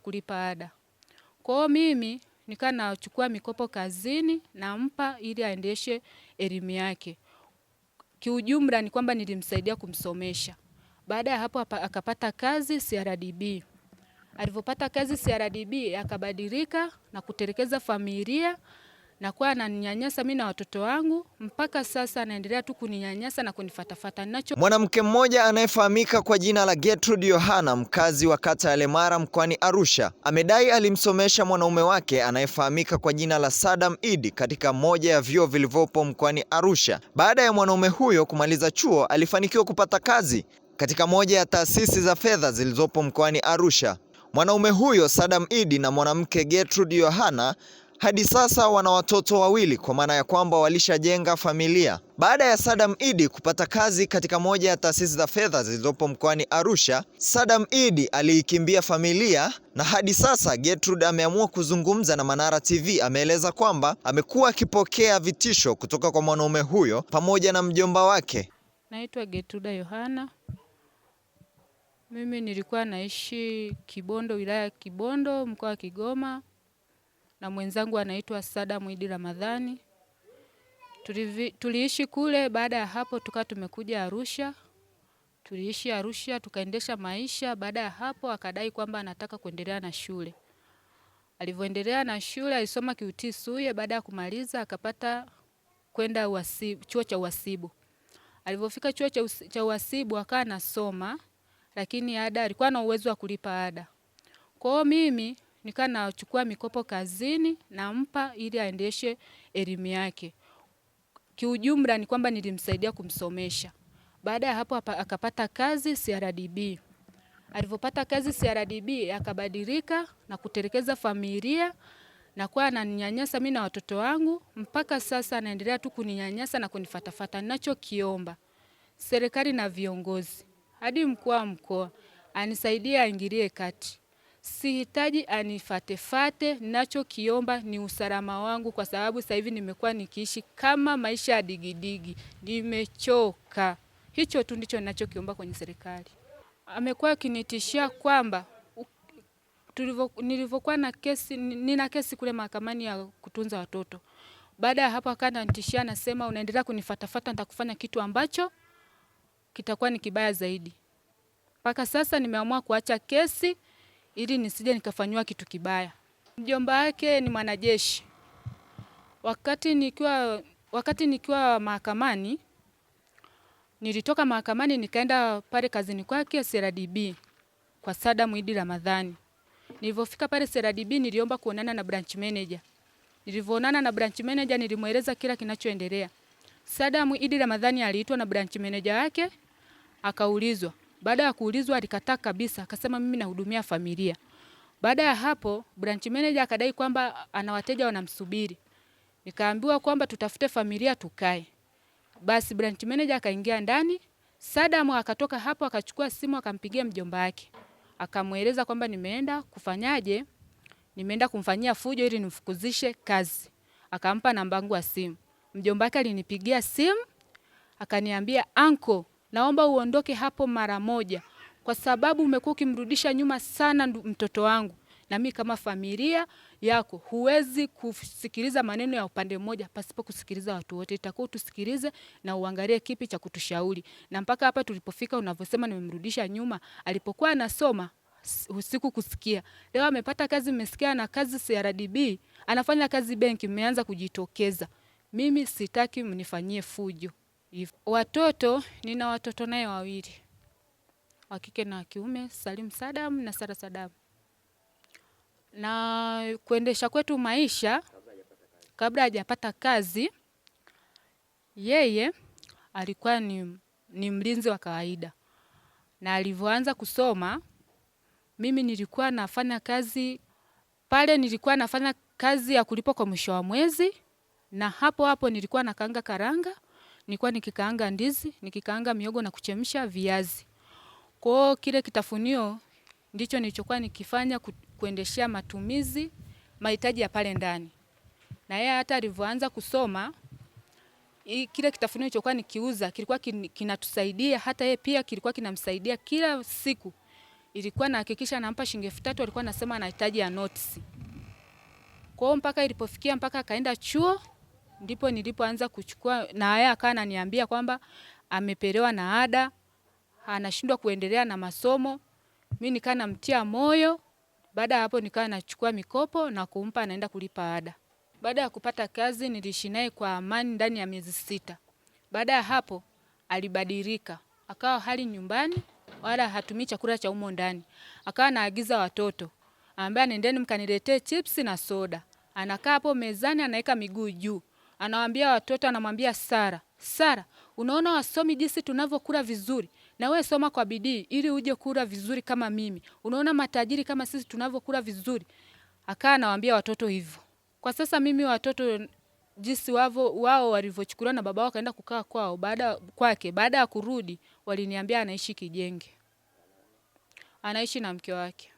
kulipa ada. Kwa hiyo mimi nikaa nachukua mikopo kazini nampa ili aendeshe elimu yake. Kiujumla ni kwamba nilimsaidia kumsomesha. Baada ya hapo akapata kazi CRDB. Alivyopata kazi CRDB akabadilika na kutelekeza familia nakuwa ananinyanyasa mimi na watoto wangu, mpaka sasa anaendelea tu kuninyanyasa na kunifatafata nacho. Mwanamke mmoja anayefahamika kwa jina la Gertrude Yohana, mkazi wa kata ya Lemara mkoani Arusha, amedai alimsomesha mwanaume wake anayefahamika kwa jina la Sadam Idi katika moja ya vyuo vilivyopo mkoani Arusha. Baada ya mwanaume huyo kumaliza chuo, alifanikiwa kupata kazi katika moja ya taasisi za fedha zilizopo mkoani Arusha. Mwanaume huyo Sadam Idi na mwanamke Gertrude Yohana hadi sasa wana watoto wawili kwa maana ya kwamba walishajenga familia. Baada ya Sadam Idi kupata kazi katika moja ya taasisi za fedha zilizopo mkoani Arusha, Sadam Idi aliikimbia familia na hadi sasa Gertrude ameamua kuzungumza na Manara TV. Ameeleza kwamba amekuwa akipokea vitisho kutoka kwa mwanaume huyo pamoja na mjomba wake. Naitwa Gertrude Yohana. Mimi nilikuwa naishi Kibondo, wilaya ya Kibondo, mkoa wa Kigoma na mwenzangu anaitwa Sada Mwidi Ramadhani. Tulivi, tuliishi kule. Baada ya hapo tukawa tumekuja Arusha, tuliishi Arusha tukaendesha maisha. Baada ya hapo akadai kwamba anataka kuendelea na shule. Alivyoendelea na shule alisoma kiuti Suye. Baada ya kumaliza akapata kwenda chuo cha uhasibu. Alivyofika chuo cha uhasibu akawa anasoma, lakini ada alikuwa na uwezo wa kulipa ada. kwao mimi Nika nachukua mikopo kazini nampa ili aendeshe elimu yake. Kiujumla ni kwamba nilimsaidia kumsomesha. Baada ya hapo akapata kazi CRDB. Alivyopata kazi CRDB akabadilika na kutelekeza familia na kuwa ananinyanyasa mimi na watoto wangu mpaka sasa anaendelea tu kuninyanyasa na kunifatafata. Ninachokiomba serikali na viongozi hadi mkuu wa mkoa anisaidie, aingilie kati sihitaji anifatefate, nachokiomba ni usalama wangu, kwa sababu sasa hivi nimekuwa nikiishi kama maisha ya digidigi, nimechoka. Hicho tu ndicho ninachokiomba kwenye serikali. Amekuwa akinitishia kwamba nilivyokuwa na kesi, nina kesi kule mahakamani ya kutunza watoto. Baada ya hapo akaa ananitishia, anasema unaendelea kunifatafata, nitakufanya kitu ambacho kitakuwa ni kibaya zaidi. Mpaka sasa nimeamua kuacha kesi ili nisije nikafanyiwa kitu kibaya. Mjomba wake ni mwanajeshi. Wakati nikiwa wakati nikiwa mahakamani, nilitoka mahakamani nikaenda pale kazini kwake CRDB kwa Sada Mwidi Ramadhani. Nilivyofika pale CRDB niliomba kuonana na branch manager. Nilivyoonana na branch manager nilimweleza kila kinachoendelea. Sada Mwidi Ramadhani aliitwa na branch manager wake akaulizwa baada ya kuulizwa alikataa kabisa, akasema mimi nahudumia familia. Baada ya hapo branch manager akadai kwamba ana wateja wanamsubiri. Nikaambiwa kwamba tutafute familia tukae. Basi branch manager akaingia ndani, Sadam akatoka hapo akachukua simu akampigia mjomba wake. Akamweleza kwamba nimeenda kufanyaje? Nimeenda kumfanyia fujo ili nimfukuzishe kazi. Akampa namba yangu ya simu. Mjomba wake alinipigia simu akaniambia, uncle naomba uondoke hapo mara moja, kwa sababu umekuwa ukimrudisha nyuma sana mtoto wangu, na mimi kama familia yako huwezi kusikiliza maneno ya upande mmoja pasipo kusikiliza watu wote. Itakuwa tusikilize na uangalie kipi cha kutushauri. Na mpaka hapa tulipofika, unavyosema nimemrudisha nyuma, alipokuwa anasoma usiku kusikia, leo amepata kazi, mmesikia na kazi CRDB, anafanya kazi benki, mmeanza kujitokeza. Mimi sitaki mnifanyie fujo hivyo. Watoto nina watoto naye wawili wa kike na wa kiume, Salim Sadam na Sara Sadam. Na kuendesha kwetu maisha kabla hajapata kazi, yeye alikuwa ni, ni mlinzi wa kawaida, na alivyoanza kusoma mimi nilikuwa nafanya kazi pale, nilikuwa nafanya kazi ya kulipwa kwa mwisho wa mwezi, na hapo hapo nilikuwa nakaanga karanga nilikuwa nikikaanga ndizi, nikikaanga miogo na kuchemsha viazi. Kwa kile kitafunio ndicho nilichokuwa nikifanya kuendeshea matumizi mahitaji ya pale ndani. Na yeye hata alivyoanza kusoma I, kile kitafunio nilichokuwa nikiuza kilikuwa kinatusaidia, hata yeye pia kilikuwa kinamsaidia kila siku. Ilikuwa nahakikisha nampa shilingi elfu tatu, alikuwa anasema anahitaji ya notisi. Kwa hiyo mpaka ilipofikia mpaka akaenda chuo ndipo nilipoanza kuchukua, na haya akaa ananiambia kwamba amepelewa na ada, anashindwa kuendelea na masomo. Mi nikaa namtia moyo. Baada ya hapo, nikaa nachukua mikopo na kumpa, anaenda kulipa ada. Baada ya kupata kazi, niliishi naye kwa amani ndani ya miezi sita. Baada ya hapo, alibadilika, akawa hali nyumbani, wala hatumii chakula cha umo ndani, akawa naagiza watoto ambaye, nendeni mkaniletee chipsi na soda. Anakaa hapo mezani, anaweka miguu juu anawaambia watoto, anamwambia Sara, Sara, unaona wasomi jinsi tunavyokula vizuri na wewe soma kwa bidii ili uje kula vizuri kama mimi. Unaona matajiri kama sisi tunavyokula vizuri. Akaa anawaambia watoto hivyo. Kwa sasa mimi watoto jinsi wavo wao walivyochukuliwa na baba wao kaenda kukaa kwao, baada kwake, baada ya kurudi waliniambia anaishi Kijenge, anaishi na mke wake.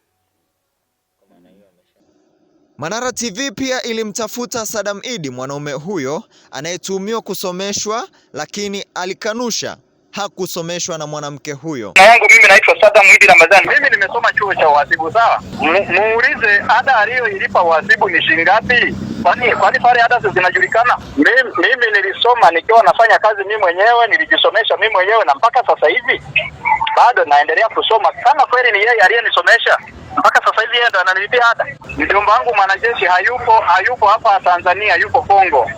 Manara TV pia ilimtafuta Saddam Idi mwanaume huyo anayetuhumiwa kusomeshwa, lakini alikanusha hakusomeshwa na mwanamke huyo. Jina mimi naitwa Saddam Idi Ramadhani. Mimi nimesoma chuo cha uhasibu sawa. Muulize ada aliyoilipa uhasibu ni shilingi ngapi? Kwani kwani pale ada zinajulikana? Mimi, mimi nilisoma nikiwa nafanya kazi mimi mwenyewe, nilijisomesha mimi mwenyewe na mpaka sasa hivi bado naendelea kusoma. Kama kweli ni yeye aliyenisomesha mpaka sasa hivi, yeye ndo ananilipia ada. Mjomba wangu mwanajeshi hayupo, hayupo hapa Tanzania, yuko Kongo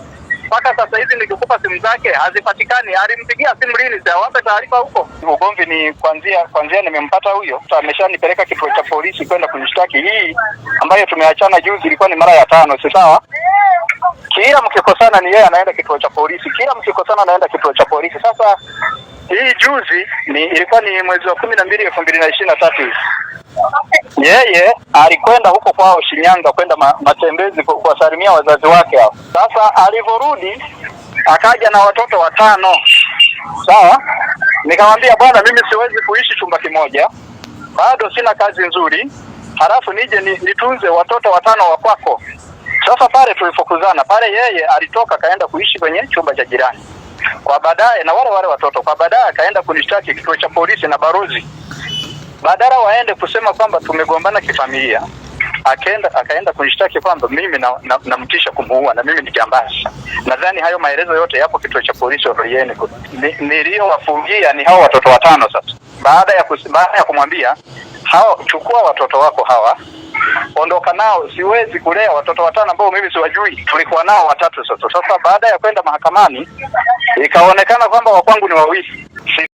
mpaka sasa hivi nikikupa simu zake hazipatikani. Alimpigia simu lini? Siawape taarifa huko. Ugomvi ni kwanzia kwanzia, nimempata huyo, ameshanipeleka kituo cha polisi kwenda kunishtaki. Hii ambayo tumeachana juzi ilikuwa ni mara ya tano, si sawa? Kila mkikosana ni yeye anaenda kituo cha polisi, kila mkikosana anaenda kituo cha polisi. Sasa hii juzi ni ilikuwa ni mwezi wa kumi na mbili elfu mbili na ishirini na tatu yeye alikwenda huko kwao Shinyanga kwenda ma, matembezi kuwasalimia wazazi wake hao. Sasa alivyorudi akaja na watoto watano, sawa. Nikamwambia bwana, mimi siwezi kuishi chumba kimoja, bado sina kazi nzuri, halafu nije nitunze watoto watano wa kwako. Sasa pale tulifukuzana pale, yeye alitoka kaenda kuishi kwenye chumba cha jirani kwa baadaye, na wale wale watoto kwa baadaye akaenda kunishtaki kituo cha polisi na barozi, badala waende kusema kwamba tumegombana kifamilia, akaenda akaenda kunishtaki kwamba mimi namtisha na, na kumuua na mimi ni jambazi. Nadhani hayo maelezo yote yapo kituo cha polisi Oloyeni. Niliyowafungia ni, ni hao watoto watano. Sasa baada ya, baada ya kumwambia hao, chukua watoto wako hawa ondoka nao, siwezi kulea watoto watano ambao mimi siwajui. Tulikuwa nao watatu. Sasa sasa, baada ya kwenda mahakamani, ikaonekana kwamba wakwangu ni wawili.